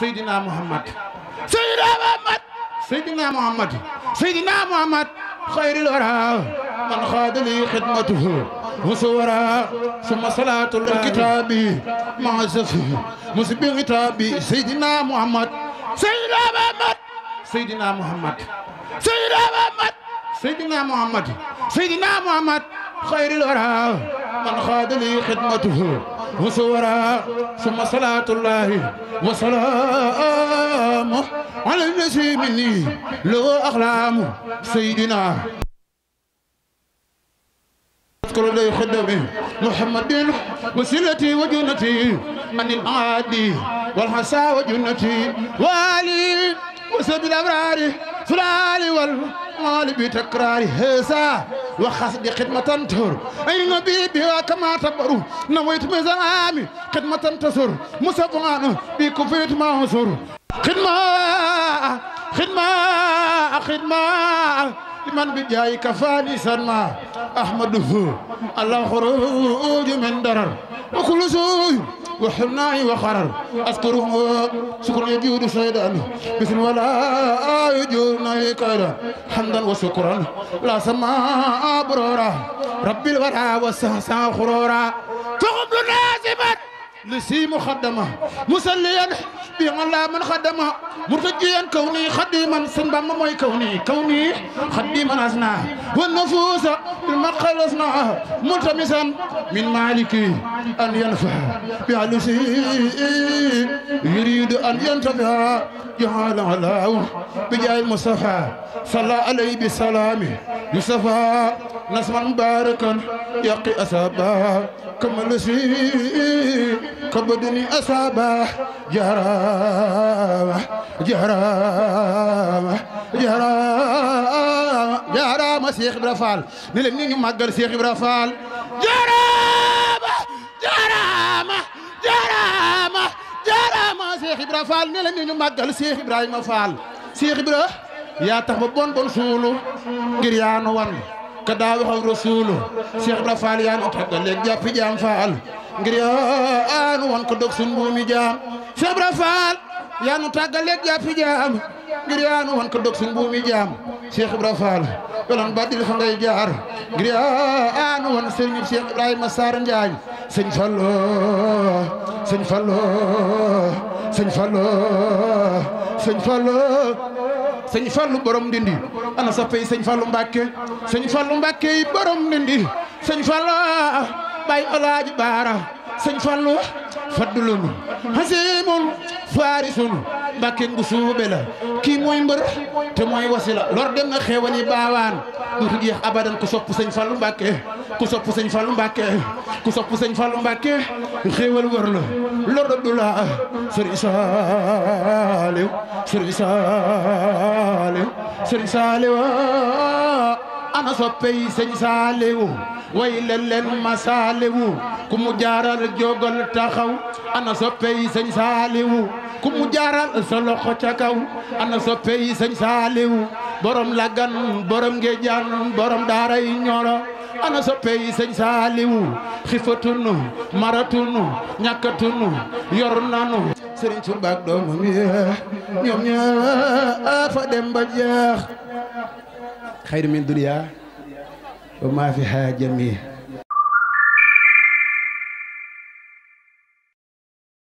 Seydina Muhammad Seydina Muhammad Seydina Muhammad Seydina Muhammad xayril wara man xaadali xidmatuhu وصورا ثم صلاة الكتاب مع الزفه مسبي غتاب سيدنا محمد سيدنا محمد سيدنا محمد سيدنا محمد سيدنا محمد سيدنا محمد خير الورى من خاد لي خدمته وصورا ثم صلاة الله وسلامه على الذي مني لو أخلام سيدنا أذكر لي خدمه محمد وسيلتي وجنتي عن الأعادي والحسا وجنتي والي وسبيل أبراري سلالي والمال بتكراري هسا وخسدي خدمة تور أي نبي بها كما تبرو نويت مزامي خدمة تسر مصفان بكفيت ما خدمة خدمة خدمة من بجايك فانسا ما أحمده الله خروج من درر وكل سوء وحناي وخرر أذكره شكرا يجود سيدان مثل ولا يجودني كيدا حمدا وشكرا لا سماء برورا رب الورى وسهسا خرورا تغبنا لسي مخدمة مسليا بيان الله من خدمة مرتجيا كوني خديما سنبام موي كوني كوني خديما أسنا والنفوس بما خلصنا ملتمسا من مالك أن ينفع بعلسي يريد أن ينتفع جعل الله بجاه المصطفى صلى عليه بسلامه يصفى نصرا مباركا يقي أسابا كما لسي كبدني أسابا جهرام جهرام جهرام جهرام شيخ إبرا فال نلني مغر شيخ إبرا فال جهرام جهرام جهرام جهرام شيخ إبرا فال نلني مغر شيخ إبراهيم فال شيخ إبرا يا تخ بون بون سولو غير يا نو te daa waxoon rasulu Cheikh Ibra Fall yaan o tagga leeg jàppi jaam faal ngir yo aan won ko dog sun buumi jaam Cheikh Ibra Fall yaan o tagga leeg jàppi jaam ngir yaan won ko dog sun jaam Cheikh Ibra Fall yolan baɗil fa ngay jaar ngir yo aan won sëriñ Cheikh Ibrahima Sarr Njaañ sëñ Fallo sëñ Fallo sëñ Fallo sëñ Fallo sëñ Fallou borom ndindi ana sa pay sëñ Fallou Mbacke sëñ Fallou Mbacke yi borom ndindi sëñ Fallou bay Alaaji Baara sëñ Fallou faddulun hasimun faarisun mbàkke ngu suube la kii mooy mbër te mooy wasila lor dem na xeewal baawaan dutu jeex abadan ku sopp sëñ Fallu Mbàkke ku sopp sëñ Fallu Mbàkke ku sopp sëñ Fallu Mbàkke xeewal wër lor da du sëriñ Saaliw sëriñ Saaliw sëriñ Saaliw ana soppey sëñ saaliwu way leen ma saaliwu ku mu jaaral jógal taxaw ana soppey sëñ saaliwu ku mu jaaral sa loxo ca kaw ana soppey sëñ saaliwu borom lagan borom ngejaan borom daaray ñoro ana soppey sëñ saaliwu xifatunu maratunu ñàkkatunu yor nanu sëriñ Tuubaa ak doomam yi ñoom ñaa fa dem ba jeex xayru min dunya wa maa fiha jamii